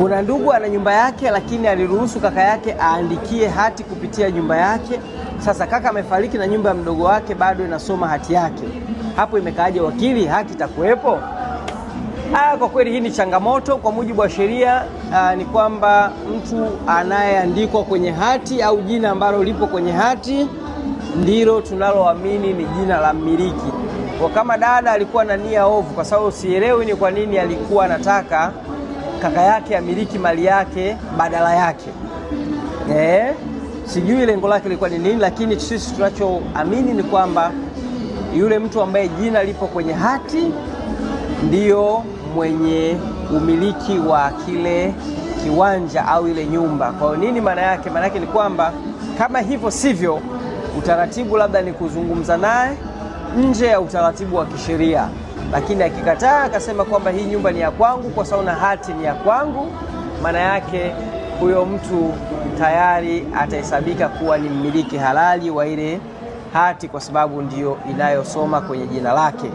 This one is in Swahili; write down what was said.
Kuna ndugu ana nyumba yake, lakini aliruhusu kaka yake aandikie hati kupitia nyumba yake. Sasa kaka amefariki na nyumba ya mdogo wake bado inasoma hati yake, hapo imekaaje wakili, haki itakuwepo? Ah, kwa kweli hii ni changamoto. Kwa mujibu wa sheria ah, ni kwamba mtu anayeandikwa kwenye hati au jina ambalo lipo kwenye hati ndilo tunaloamini ni jina la mmiliki. Kwa kama dada alikuwa na nia ovu, kwa sababu sielewi ni kwa nini alikuwa anataka kaka yake amiliki mali yake badala yake eh? Sijui lengo lake lilikuwa ni nini, lakini sisi tunachoamini ni kwamba yule mtu ambaye jina lipo kwenye hati ndiyo mwenye umiliki wa kile kiwanja au ile nyumba. Kwa hiyo nini maana yake? Maana yake ni kwamba kama hivyo sivyo, utaratibu labda ni kuzungumza naye nje ya utaratibu wa kisheria lakini akikataa akasema kwamba hii nyumba ni ya kwangu kwa sababu na hati ni ya kwangu, maana yake huyo mtu tayari atahesabika kuwa ni mmiliki halali wa ile hati kwa sababu ndiyo inayosoma kwenye jina lake.